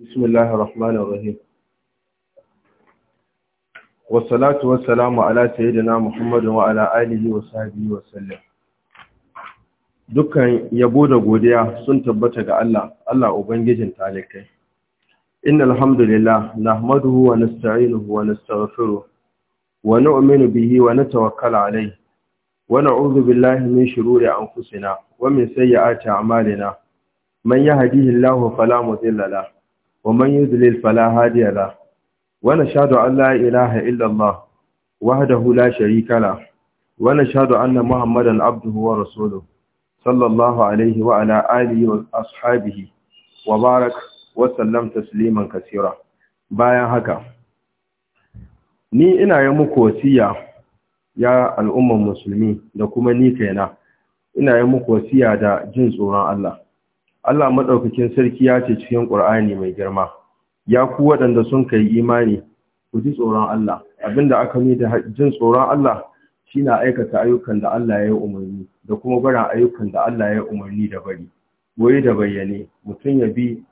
بسم الله الرحمن الرحيم والصلاة والسلام على سيدنا محمد وعلى آله وصحبه وسلم dukkan yabo da godiya sun tabbata ga Allah Allah ubangijin talikai innal hamdulillah nahmaduhu wa nasta'inuhu wa nastaghfiruh wa nu'minu bihi wa natawakkalu alayhi wa na'udhu billahi min shururi anfusina wa min sayyiati a'malina man yahdihillahu fala mudilla lahu ومن يذلل فلا هادي له ونشهد أن لا إله إلا الله وحده لا شريك له ونشهد أن محمدا عبده ورسوله صلى الله عليه وعلى آله وأصحابه وبارك وسلم تسليما كثيرا bayan haka ni ina yi muku wasiya ya al'umman musulmi da kuma ni kaina ina yi muku wasiya da jin tsoron Allah Allah madaukakin sarki ya ce cikin ƙur'ani mai girma ya ku waɗanda sun kai imani ku ji tsoron Allah abinda aka yi da jin tsoron Allah shine aikata ayyukan da Allah ya yi umarni da kuma barin ayyukan da Allah ya yi umarni da bari goyi da bayyane mutum ya bi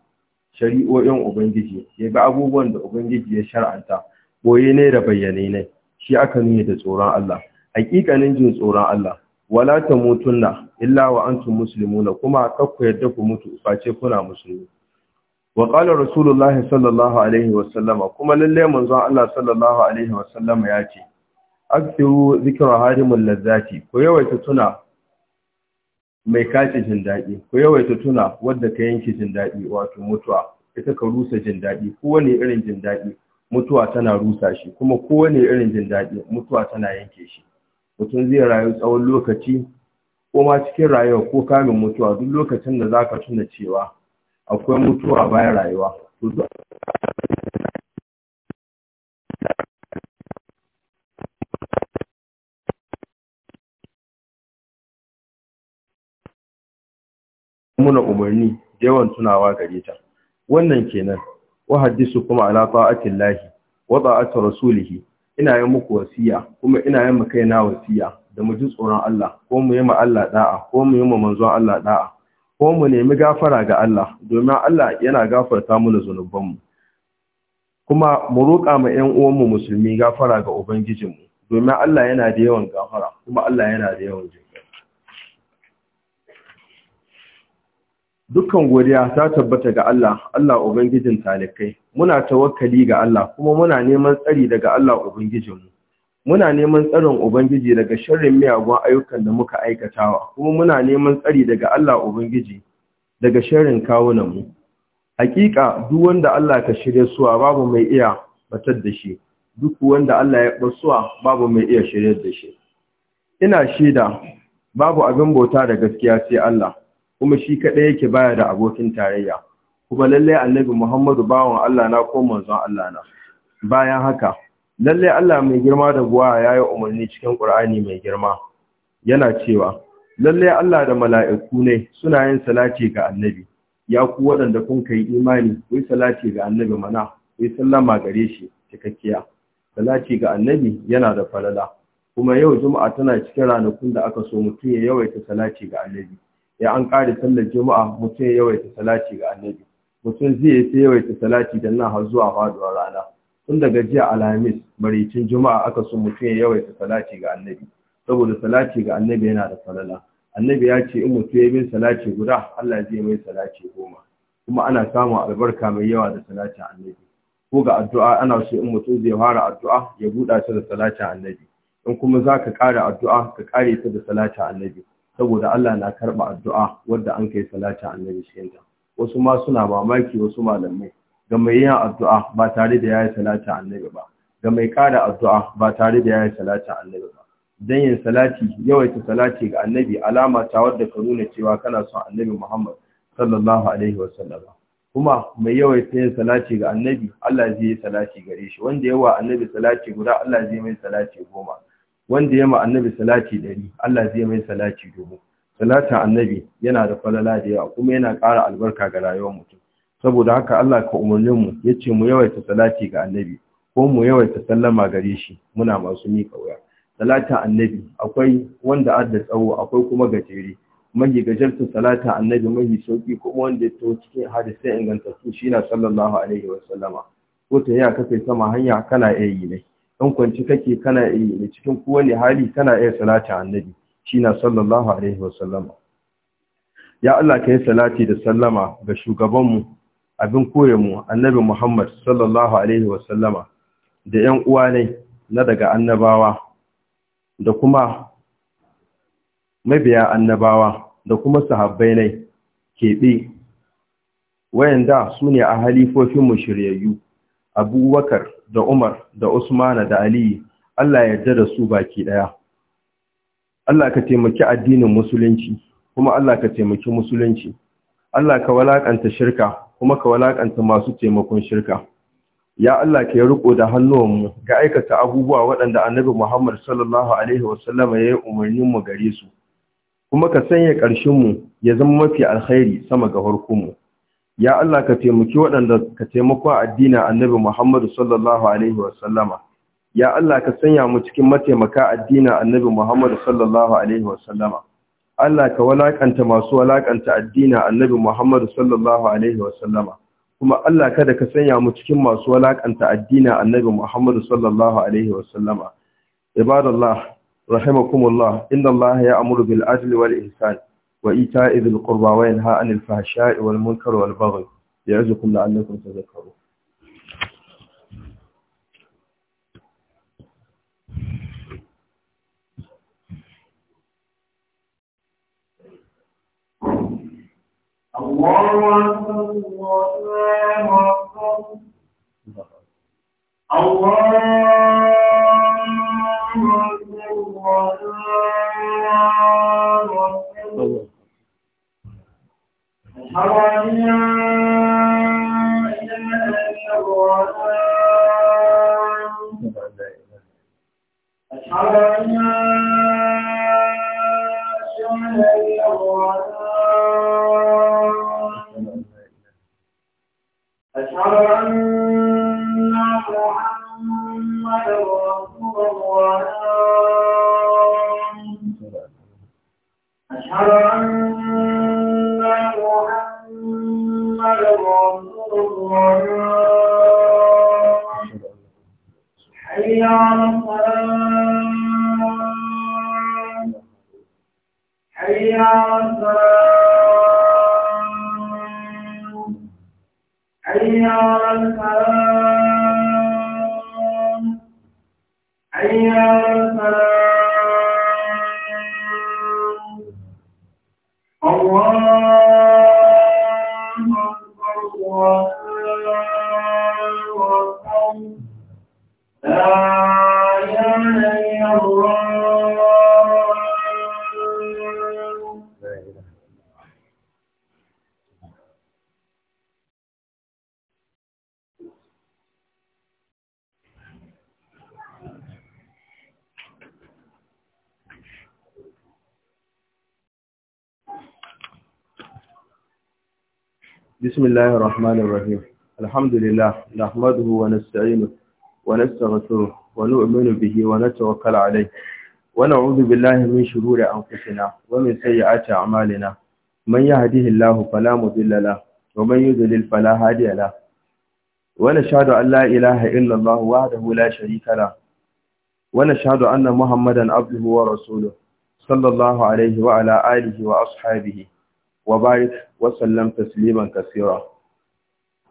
shari'o'in ubangiji ya bi abubuwan da ubangiji ya shar'anta goyi ne da bayyane ne shi aka nuna da tsoron Allah hakikanin jin tsoron Allah wala ta mutunna illa wa antum muslimuna kuma kakku yadda ku mutu face kuna musulmi wa qala rasulullah sallallahu alaihi wa sallama kuma lalle manzon Allah sallallahu alaihi wa sallama yace aktiru zikra harimul ladzati ku yawaita tuna mai kace jin dadi ku yawaita tuna wanda ka yanke jin dadi wato mutuwa ita ka rusa jin dadi kowane irin jin dadi mutuwa tana rusa shi kuma kowane irin jin dadi mutuwa tana yanke shi mutum zai rayu tsawon lokaci ko ma cikin rayuwa ko kamin mutuwa duk lokacin da zaka tuna cewa akwai mutuwa bayan rayuwa muna umarni yawan tunawa gare ta wannan kenan wa hadisu kuma ala ta'atillahi wa ta'ati rasulihi ina yi muku wasiya kuma ina yi maka na wasiya da mu ji tsoron Allah ko mu yi ma Allah da'a ko mu yi ma manzon Allah da'a ko mu nemi gafara ga Allah domin Allah yana gafarta mana zunubanmu kuma mu roƙa ma ƴan uwanmu musulmi gafara ga ubangijinmu domin Allah yana da yawan gafara kuma Allah yana da yawan jin dukkan godiya ta tabbata ga Allah, Allah Ubangijin talikai, muna tawakkali ga Allah kuma muna neman tsari daga Allah Ubangijinmu. Muna neman tsarin Ubangiji daga shirin miyagun ayyukan da muka aikatawa, kuma muna neman tsari daga Allah Ubangiji daga sharrin mu. Hakika duk wanda Allah ka shirya suwa babu mai iya batar da shi, duk wanda Allah ya suwa, babu mai iya shirya da shi. Ina shida babu abin bauta da gaskiya sai Allah. kuma shi kaɗai yake baya da abokin tarayya kuma lallai annabi Muhammadu bawan Allah na ko manzon Allah na bayan haka lallai Allah mai girma da buwa yi umarni cikin Qur'ani mai girma yana cewa lallai Allah da mala'iku ne suna yin salati ga annabi ya ku waɗanda kun kai imani ku yi salati ga annabi mana ku yi sallama gare shi cikakkiya salati ga annabi yana da falala kuma yau juma'a tana cikin ranakun da aka so mutum ya yawaita salati ga annabi ya an ƙare sallar juma'a mutum ya yawaita salati ga annabi mutum zai yi ta yawaita salati da nan har zuwa faduwar rana tun daga jiya alhamis maricin juma'a aka so mutum ya yawaita salati ga annabi saboda salati ga annabi yana da falala annabi ya ce in mutum ya bin salati guda Allah zai mai salati goma kuma ana samun albarka mai yawa da salatin annabi ko ga addu'a ana so in mutum zai fara addu'a ya buɗa ta da salatin annabi in kuma za ka ƙara addu'a ka ƙare ta da salatin annabi saboda Allah na karɓa addu'a wadda an kai salata annabi shi wasu ma suna mamaki wasu malamai ga mai yin addu'a ba tare da yayi salata annabi ba ga mai kada addu'a ba tare da yayi salata annabi ba dan yin salati yawaita salati ga annabi alama ta wadda ka nuna cewa kana son annabi Muhammad sallallahu alaihi wasallam kuma mai yawaita yin salati ga annabi Allah zai yi salati gare shi wanda yawa annabi salati guda Allah zai mai salati goma wanda ya ma annabi salati ɗari Allah zai mai salati dubu salatin annabi yana da falala da yawa kuma yana ƙara albarka ga rayuwar mutum saboda haka Allah ka umarnin mu yace mu yawaita salati ga annabi ko mu yawaita sallama gare shi muna masu ni kauya salatin annabi akwai wanda adda tsawo akwai kuma gajere mahi gajarta salatin annabi mahi sauki kuma wanda ya tawo cikin su shi na sallallahu alaihi wasallama ko ta yi a kafe sama hanya kana iya yi ne in kwanci kake kana mai cikin kowane hali kana iya salatin annabi shi sallallahu alaihi wasallama ya Allah ka yi salati da sallama ga shugaban mu abin mu annabi Muhammad sallallahu alaihi wasallama da ‘yan uwa ne na daga annabawa da kuma mabiya annabawa da kuma sahabbai ne keɓe wayanda sune a halifofin halifofinmu shiryayyu abubakar da Umar da Usmana da Ali Allah ya yarda da su baki daya Allah ka taimaki addinin musulunci kuma Allah ka taimaki musulunci Allah ka walakanta shirka kuma ka walakanta masu taimakon shirka ya Allah ka riko da hannuwanmu ga aikata abubuwa waɗanda Annabi Muhammad sallallahu alaihi wasallam ya yi umarnin mu gare su kuma ka sanya ƙarshen mu ya zama mafi alkhairi sama ga harkunmu. ya Allah ka taimaki waɗanda ka taimako a addinin annabi Muhammadu sallallahu alaihi wasallama ya Allah ka sanya mu cikin mataimaka addinin annabi Muhammadu sallallahu alaihi wasallama Allah ka walakanta masu walakanta addinin annabi Muhammadu sallallahu alaihi wasallama kuma Allah kada ka sanya mu cikin masu walakanta addinin annabi Muhammadu sallallahu alaihi wasallama ibadallah rahimakumullah inna Allah amuru bil adli wal ihsan وإيتاء ذي القربى وينهى عن الفحشاء والمنكر والبغي يعزكم لعلكم تذكرون الله أكبر الله أكبر الله Allah بسم الله الرحمن الرحيم الحمد لله نحمده ونستعينه ونستغفره ونؤمن به ونتوكل عليه ونعوذ بالله من شرور أنفسنا ومن سيئات أعمالنا من يهده الله فلا مضل له ومن يضلل فلا هادي له ونشهد أن لا إله إلا الله وحده لا شريك له ونشهد أن محمدا عبده ورسوله صلى الله عليه وعلى آله وأصحابه wa barik wa sallam tasliman kasira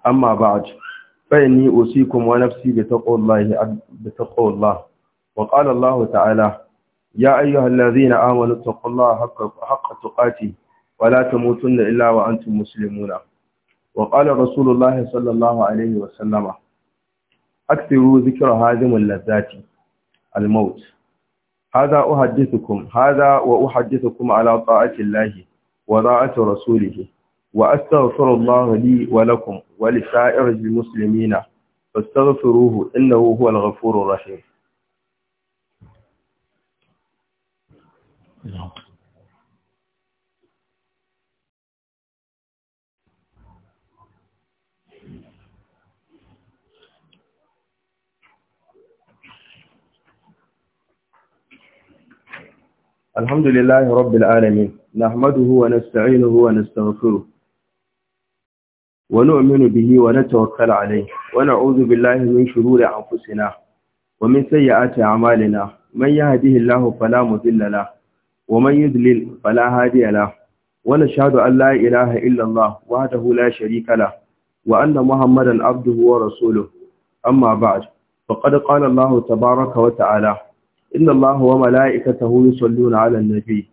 amma ba'd fa inni usikum wa nafsi bi taqwallahi bi taqwallah wa qala allah ta'ala ya ayyuhallazina amanu taqullaha haqqa haqqa tuqati wa la tamutunna illa wa antum muslimuna wa qala rasulullah sallallahu alayhi wa sallam akthiru dhikra hadhimul ladati al maut hadha uhaddithukum hadha wa uhaddithukum ala ta'ati allahi وراءة رسوله وأستغفر الله لي ولكم ولسائر المسلمين فاستغفروه إنه هو الغفور الرحيم الحمد لله رب العالمين نحمده ونستعينه ونستغفره ونؤمن به ونتوكل عليه ونعوذ بالله من شرور أنفسنا ومن سيئات أعمالنا من يهده الله فلا مذل له ومن يذلل فلا هادي له ونشهد أن لا إله إلا الله وحده لا شريك له وأن محمدا عبده ورسوله أما بعد فقد قال الله تبارك وتعالى إن الله وملائكته يصلون على النبي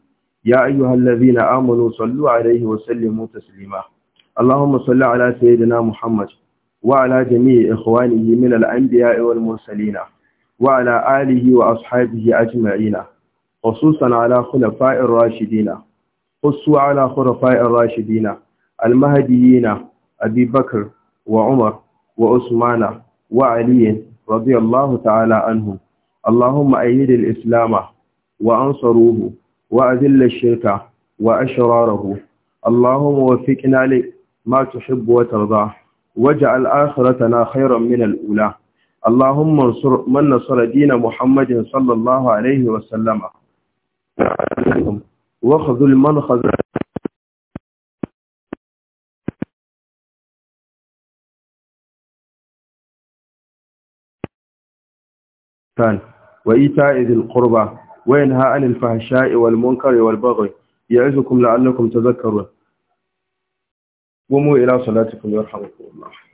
يا أيها الذين آمنوا صلوا عليه وسلموا تسليما اللهم صل على سيدنا محمد وعلى جميع إخوانه من الأنبياء والمرسلين وعلى آله وأصحابه أجمعين خصوصا على خلفاء الراشدين خصوا على خلفاء الراشدين المهديين أبي بكر وعمر وعثمان وعلي رضي الله تعالى عنهم اللهم أيد الإسلام وأنصروه وأذل الشرك وأشراره اللهم وفقنا لما تحب وترضى واجعل آخرتنا خيرا من الأولى اللهم انصر من نصر دين محمد صلى الله عليه وسلم واخذل من وإيتاء ذي القربى وينهى عن الفحشاء والمنكر والبغي يعزكم لعلكم تذكرون قوموا إلى صلاتكم يرحمكم الله